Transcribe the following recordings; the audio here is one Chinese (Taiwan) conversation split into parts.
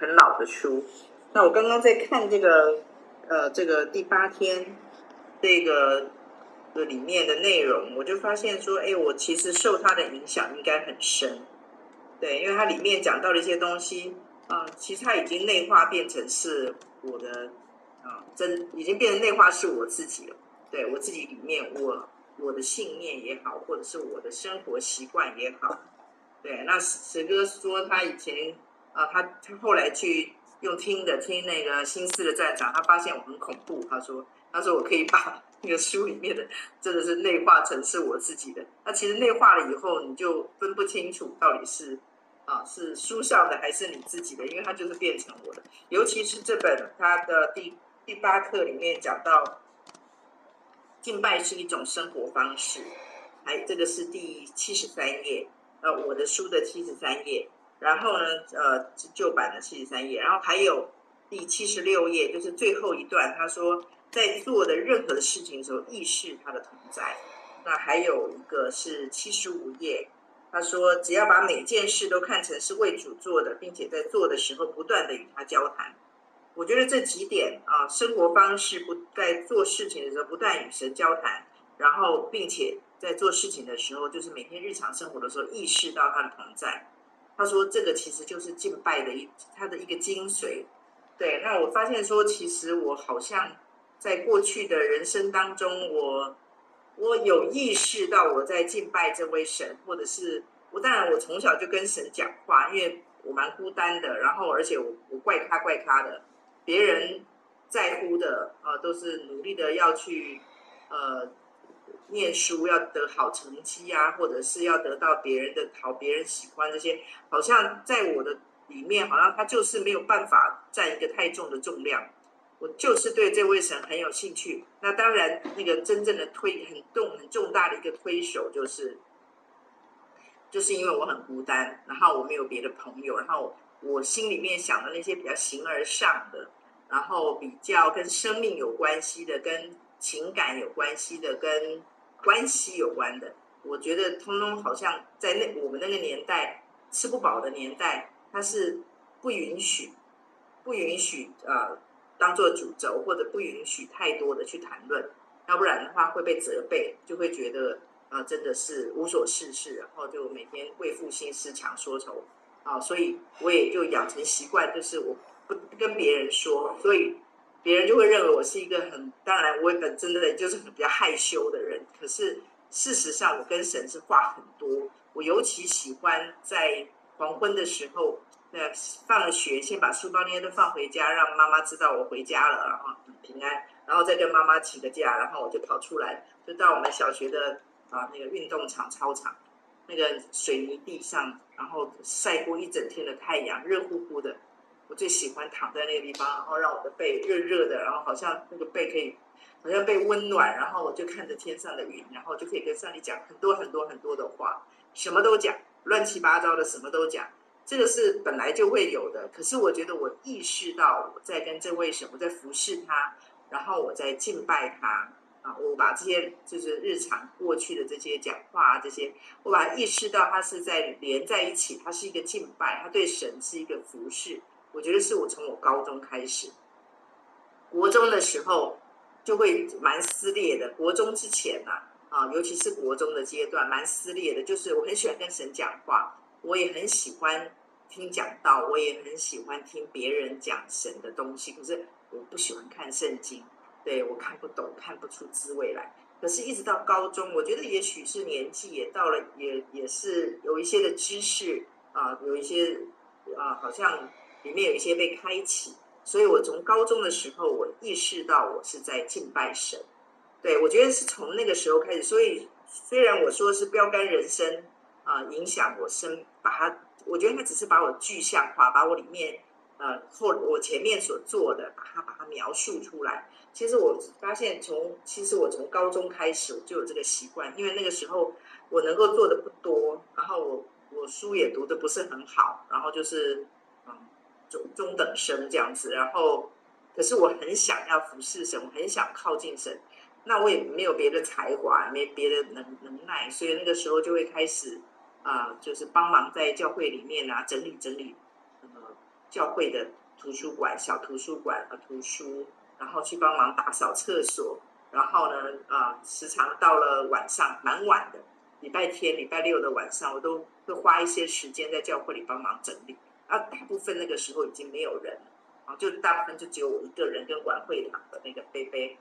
很老的書，那我剛剛在看這個，呃，這個第八天，這個的、這個、裡面的內容，我就發現說，哎，我其實受他的影響應該很深，對，因為它裡面講到了一些東西，啊、呃，其實他已經內化變成是我的，啊、呃，真已經變成內化是我自己了，對我自己裡面我，我我的信念也好，或者是我的生活習慣也好，對，那石哥說他以前。啊，他他後來去用聽的聽那個《心思的戰場》，他發現我很恐怖。他說，他說我可以把那個書裡面的，這個是內化成是我自己的。那、啊、其實內化了以後，你就分不清楚到底是啊是書上的還是你自己的，因為它就是變成我的。尤其是這本他的第第八課裡面講到，敬拜是一種生活方式。還、哎，這個是第七十三頁，呃、啊，我的書的七十三頁。然後呢，呃，舊版的七十三頁，然後還有第七十六頁，就是最後一段，他說在做的任何的事情的時候，意識他的同在。那還有一個是七十五頁，他說只要把每件事都看成是為主做的，並且在做的時候不斷的與他交談。我覺得這幾點啊，生活方式不，在做事情的時候不斷與神交談，然後並且在做事情的時候，就是每天日常生活的時候，意識到他的同在。他說：“這個其實就是敬拜的一，他的一個精髓。”對，那我發現說，其實我好像在過去的人生當中我，我我有意識到我在敬拜這位神，或者是不但我從小就跟神講話，因為我蠻孤單的，然後而且我我怪咖怪咖的，別人在乎的啊、呃，都是努力的要去呃。”念書要得好成績啊，或者是要得到別人的討別人喜歡，這些好像在我的裡面，好像他就是沒有辦法占一個太重的重量。我就是對這位神很有興趣。那當然，那個真正的推很重、很重大的一個推手，就是就是因為我很孤單，然後我沒有別的朋友，然後我心裡面想的那些比較形而上的，然後比較跟生命有關係的、跟情感有關係的、跟關係有關的，我覺得通通好像在那我們那個年代吃不飽的年代，它是不允許不允許呃當做主軸，或者不允許太多的去談論，要不然的話會被責備，就會覺得啊、呃、真的是無所事事，然後就每天為賦新詞，強說愁啊、呃，所以我也就養成習慣，就是我不，不跟別人說，所以別人就會認為我是一個很當然我也很真的就是很比較害羞的人。是，事實上我跟神是話很多。我尤其喜歡在黃昏的時候，呃，放了學，先把書包那些都放回家，讓媽媽知道我回家了，然後很平安，然後再跟媽媽請個假，然後我就跑出來，就到我們小學的啊那個運動場操場，那個水泥地上，然後曬過一整天的太陽，熱乎乎的。我最喜歡躺在那個地方，然後讓我的背熱熱的，然後好像那個背可以好像被溫暖，然後我就看着天上的雲，然後就可以跟上帝講很多很多很多的話，什麼都講，亂七八糟的什麼都講。這個是本來就會有的，可是我覺得我意識到我在跟這位神，我在服侍他，然後我在敬拜他啊，我把這些就是日常過去的這些講話啊，這些，我把它意識到它是在連在一起，它是一個敬拜，他對神是一個服侍。我覺得是我從我高中開始，國中的時候就會蠻撕裂的。國中之前啊，啊尤其是國中的階段蠻撕裂的。就是我很喜歡跟神講話，我也很喜歡聽講道，我也很喜歡聽別人講神的東西。可是我不喜歡看聖經，對我看不懂，看不出滋味來。可是，一直到高中，我覺得也許是年紀也到了，也也是有一些的知識啊，有一些啊，好像。裡面有一些被開啟，所以我從高中的時候，我意識到我是在敬拜神，對，我覺得是從那個時候開始。所以雖然我說是標杆人生啊、呃，影響我生，把它，我覺得它只是把我具象化，把我裡面呃後我前面所做的，把它把它描述出來。其實我發現從其實我從高中開始我就有這個習慣，因為那個時候我能夠做的不多，然後我我書也讀的不是很好，然後就是。中中等生這樣子，然後可是我很想要服侍神，我很想靠近神，那我也沒有別的才華，沒別的能能耐，所以那個時候就會開始啊、呃，就是幫忙在教會裡面啊整理整理，呃，教會的圖書館、小圖書館的、啊、圖書，然後去幫忙打掃廁所，然後呢，啊、呃，時常到了晚上蠻晚的，禮拜天、禮拜六的晚上，我都會花一些時間在教會裡幫忙整理。啊，大部分那個時候已經沒有人了，啊，就大部分就只有我一個人跟晚會堂的那個菲菲，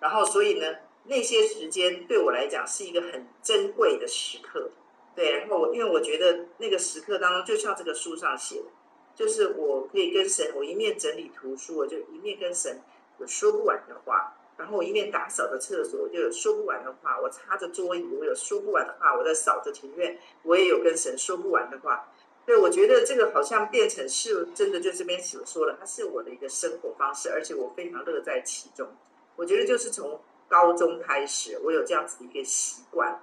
然後所以呢，那些時間對我來講是一個很珍貴的時刻，對，然後我因為我覺得那個時刻當中，就像這個書上寫的，就是我可以跟神，我一面整理圖書，我就一面跟神有說不完的話，然後我一面打掃着廁所，我就有說不完的話，我擦着桌椅，我有說不完的話，我在掃着庭院，我也有跟神說不完的話。對，我覺得這個好像變成是真的，就這邊所說的，它是我的一個生活方式，而且我非常樂在其中。我覺得就是從高中開始，我有這樣子一個習慣。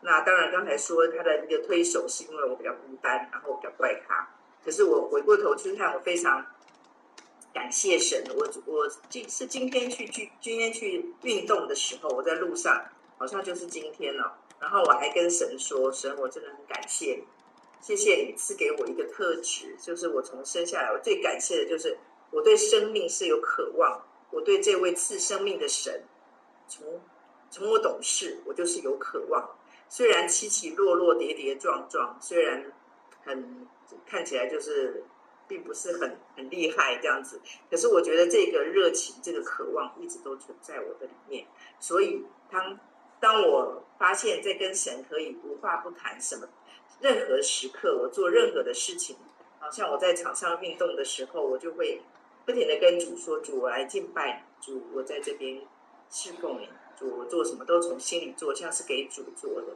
那當然，剛才說他的一個推手是因為我比較孤單，然後我比較怪咖。可是我回過頭去看，我非常感謝神。我我今是今天去去今天去運動的時候，我在路上好像就是今天哦。然後我還跟神說，神，我真的很感謝你。謝謝你賜給我一個特質，就是我從生下來，我最感謝的就是我對生命是有渴望。我對這位賜生命的神，從從我懂事，我就是有渴望。雖然起起落落、跌跌撞撞，雖然很看起來就是並不是很很厲害這樣子，可是我覺得這個熱情、這個渴望一直都存在我的裡面。所以當當我發現這跟神可以無話不談，什麼？任何時刻，我做任何的事情，好、啊、像我在場上運動的時候，我就會不停的跟主說：“主，我來敬拜你，主，我在這邊侍奉你，主，我做什麼都從心裡做，像是給主做的。”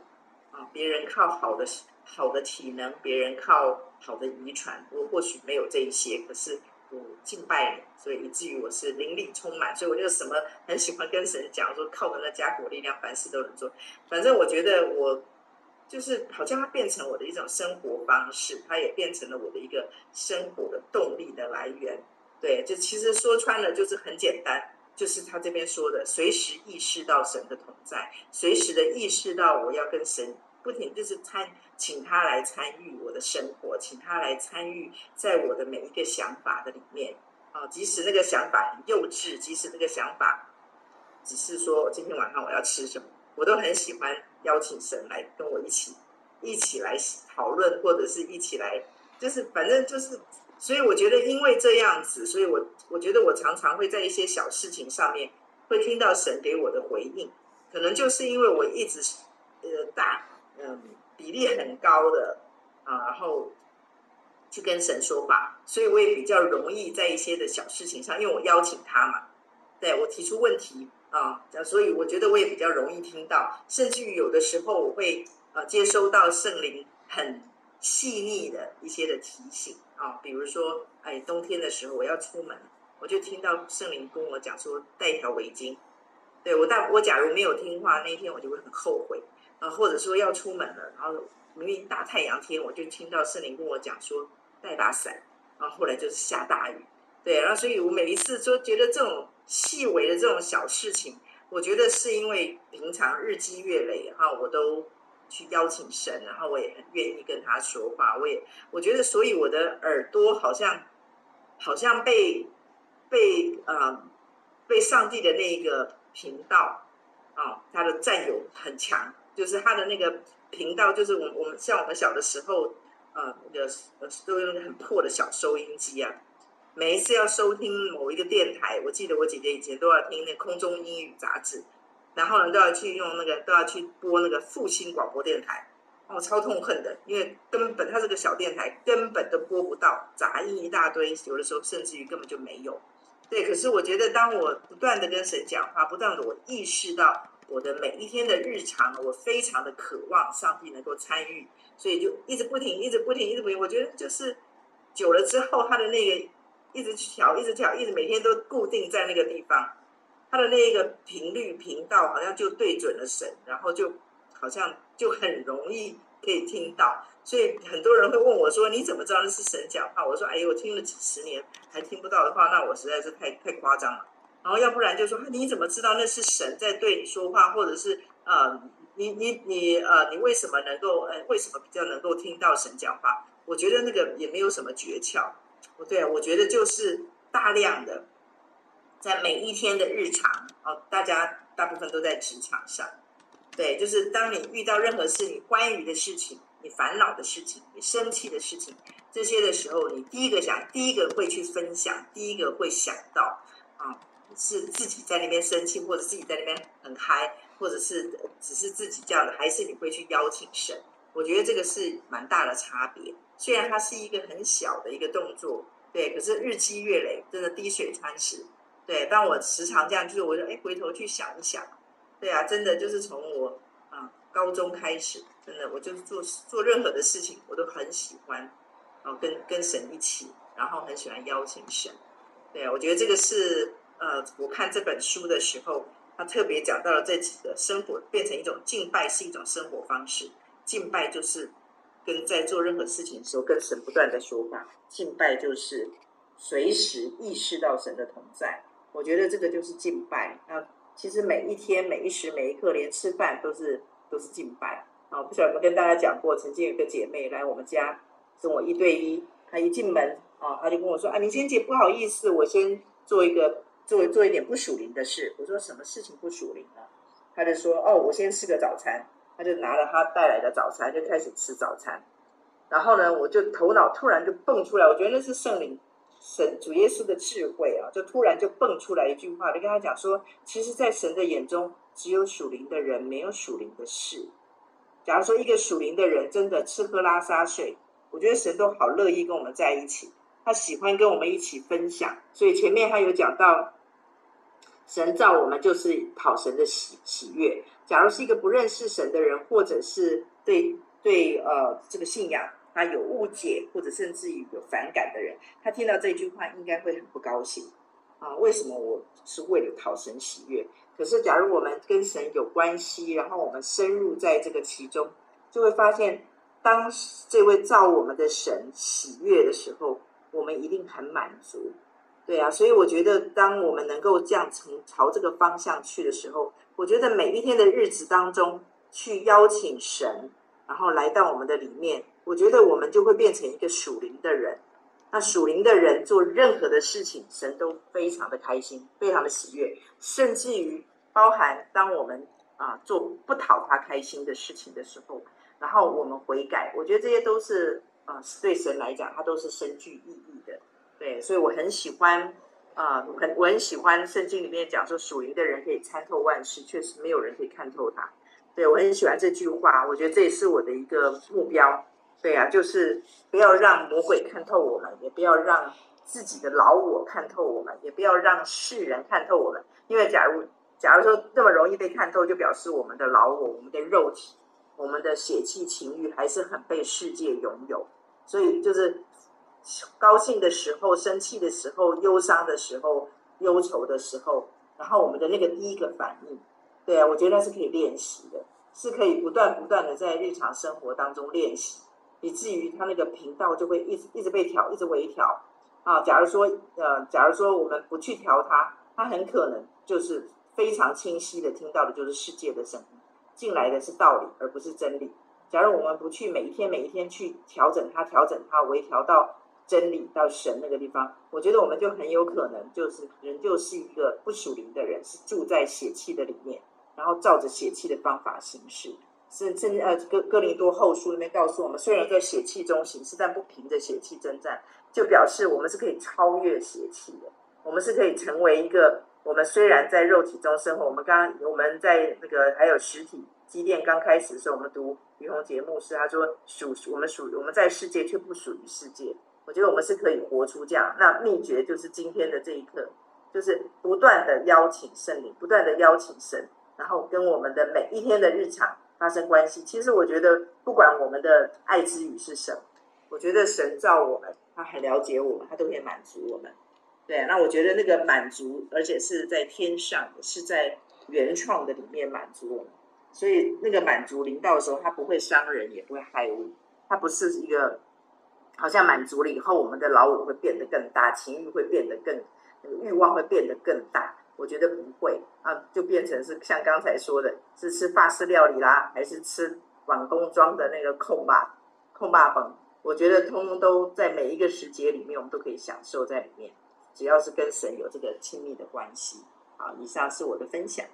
啊，別人靠好的好的體能，別人靠好的遺傳，我或許沒有這一些，可是我敬拜你，所以以至於我是靈力充滿，所以我就什麼很喜歡跟神講說：“靠著那加給我力量，凡事都能做。”反正我覺得我。就是好像它變成我的一種生活方式，它也變成了我的一個生活的動力的來源。對，就其實說穿了就是很簡單，就是他這邊說的，隨時意識到神的同在，隨時的意識到我要跟神不停就是參，請他來參與我的生活，請他來參與在我的每一個想法的裡面啊，即使那個想法很幼稚，即使那個想法只是說今天晚上我要吃什麼，我都很喜歡。邀請神來跟我一起，一起來討論，或者是一起來，就是反正就是，所以我覺得因為這樣子，所以我我覺得我常常會在一些小事情上面會聽到神給我的回應，可能就是因為我一直呃打嗯、呃、比例很高的啊，然後去跟神說話，所以我也比較容易在一些的小事情上，因為我邀請他嘛，對我提出問題。啊，所以我覺得我也比較容易聽到，甚至於有的時候我會、啊、接收到聖靈很細膩的一些的提醒啊，比如說、哎、冬天的時候我要出門，我就聽到聖靈跟我講說帶一條圍巾，對，我但我假如沒有聽話，那一天我就會很後悔啊，或者說要出門了，然後明明大太陽天，我就聽到聖靈跟我講說帶把傘，然後、啊、後來就是下大雨，對，然後、啊、所以我每一次說覺得這種。細微的這種小事情，我覺得是因為平常日積月累哈、啊，我都去邀請神，然後我也很願意跟他說話，我也我覺得，所以我的耳朵好像好像被被啊、呃、被上帝的那一個頻道啊，他的占有很強，就是他的那個頻道，就是我們我們像我們小的時候，呃，那個都有用很破的小收音機啊。每一次要收聽某一個電台，我記得我姐姐以前都要聽那空中英語雜誌，然後呢，都要去用那個，都要去播那個復興廣播電台，我超痛恨的，因為根本它這個小電台，根本都播不到，雜音一大堆，有的時候甚至於根本就沒有。對，可是我覺得當我不斷的跟神講話，不斷的我意識到我的每一天的日常，我非常的渴望上帝能夠參與，所以就一直不停，一直不停，一直不停。我覺得就是久了之後，他的那個。一直調，一直調，一直每天都固定在那個地方，它的那個頻率頻道好像就對準了神，然後就好像就很容易可以聽到，所以很多人會問我說：“你怎麼知道那是神講話？”我說：“哎呦，我聽了幾十年還聽不到的話，那我實在是太太誇張了。”然後要不然就說：“你怎麼知道那是神在對你說話，或者是呃，你你你呃，你為什麼能夠呃，為什麼比較能夠聽到神講話？”我覺得那個也沒有什麼訣竅。不對、啊，我覺得就是大量的，在每一天的日常哦、啊，大家大部分都在職場上，對，就是當你遇到任何事，你關於的事情、你煩惱的事情、你生氣的事情，這些的時候，你第一個想、第一個會去分享、第一個會想到啊，是自己在那邊生氣，或者自己在那邊很嗨，或者是只是自己這樣的，還是你會去邀請神？我覺得這個是蠻大的差別。雖然它是一個很小的一個動作，對，可是日積月累，真的滴水穿石，對。但我時常這樣，就是我就，哎，回頭去想一想，對啊，真的就是從我啊、嗯、高中開始，真的，我就是做做任何的事情，我都很喜歡，啊、跟跟神一起，然後很喜歡邀請神。對、啊，我覺得這個是呃，我看這本書的時候，他特別講到了這幾個生活變成一種敬拜，是一種生活方式，敬拜就是。跟在做任何事情的時候，跟神不斷的說話，敬拜就是隨時意識到神的同在。我覺得這個就是敬拜啊。其實每一天每一時每一刻，連吃飯都是都是敬拜啊。不曉得有沒有跟大家講過，曾經有個姐妹來我們家跟我一對一，她一進門啊，她就跟我說：“啊，明仙姐，不好意思，我先做一個做做一點不屬靈的事。”我說：“什麼事情不屬靈呢？”她就說：“哦，我先吃個早餐。”他就拿了他帶來的早餐，就開始吃早餐。然後呢，我就頭腦突然就蹦出來，我覺得那是聖靈、神、主耶穌的智慧啊，就突然就蹦出來一句話，就跟他講說，其實，在神的眼中，只有屬靈的人，沒有屬靈的事。假如說一個屬靈的人真的吃喝拉撒睡，我覺得神都好樂意跟我們在一起，他喜歡跟我們一起分享。所以前面他有講到，神造我們就是討神的喜喜悅。假如是一個不認識神的人，或者是對對呃這個信仰他有誤解，或者甚至於有反感的人，他聽到這句話應該會很不高興啊，呃，為什麼我是為了討神喜悅？可是，假如我們跟神有關係，然後我們深入在這個其中，就會發現，當這位造我們的神喜悅的時候，我們一定很滿足。對啊，所以我覺得，當我們能夠這樣從朝這個方向去的時候。我覺得每一天的日子當中，去邀請神，然後來到我們的裡面，我覺得我們就會變成一個屬靈的人。那屬靈的人做任何的事情，神都非常的開心，非常的喜悅，甚至於包含當我們啊、呃、做不討他開心的事情的時候，然後我們悔改，我覺得這些都是啊、呃、對神來講，他都是深具意義的。對，所以我很喜歡。啊，很我很喜歡聖經裡面講說，屬靈的人可以參透萬事，確實沒有人可以看透他。對，我很喜歡這句話，我覺得這也是我的一個目標。對啊，就是不要讓魔鬼看透我們，也不要讓自己的老我看透我們，也不要讓世人看透我們。因為假如假如說這麼容易被看透，就表示我們的老我、我們的肉體、我們的血氣情欲還是很被世界擁有。所以就是。高興的時候、生氣的時候、憂傷的時候、憂愁的時候，然後我們的那個第一個反應，對啊，我覺得那是可以練習的，是可以不斷不斷的在日常生活當中練習，以至於他那個頻道就會一直一直被調，一直微調啊。假如說呃，假如說我們不去調它，它很可能就是非常清晰地聽到的就是世界的聲音，進來的是道理而不是真理。假如我們不去每一天每一天去調整它、調整它、微調到。真理到神那個地方，我覺得我們就很有可能就是人就是一個不屬靈的人，是住在血氣的裡面，然後照着血氣的方法行事。是正呃，哥哥林多後書裡面告訴我們，雖然在血氣中行事，但不憑着血氣征戰，就表示我們是可以超越血氣的，我們是可以成為一個。我們雖然在肉體中生活，我們剛剛我們在那個還有實體機電剛開始的時候，我們讀於宏潔牧師，他說屬我們屬我們在世界卻不屬於世界。我覺得我們是可以活出這樣，那秘訣就是今天的這一刻，就是不斷的邀請聖靈，不斷的邀請神，然後跟我們的每一天的日常發生關係。其實我覺得，不管我們的愛之語是什麼，我覺得神造我們，他很了解我們，他都可以滿足我們。對啊，那我覺得那個滿足，而且是在天上，是在原創的裡面滿足我們。所以那個滿足臨到的時候，它不會傷人，也不會害物，它不是一個。好像滿足了以後，我們的老五會變得更大，情欲會變得更那個欲望會變得更大。我覺得不會啊，就變成是像剛才說的，是吃法式料理啦，還是吃晚工裝的那個焢肉焢肉飯？我覺得通通都在每一個時節裡面，我們都可以享受在裡面，只要是跟神有這個親密的關係。好，以上是我的分享。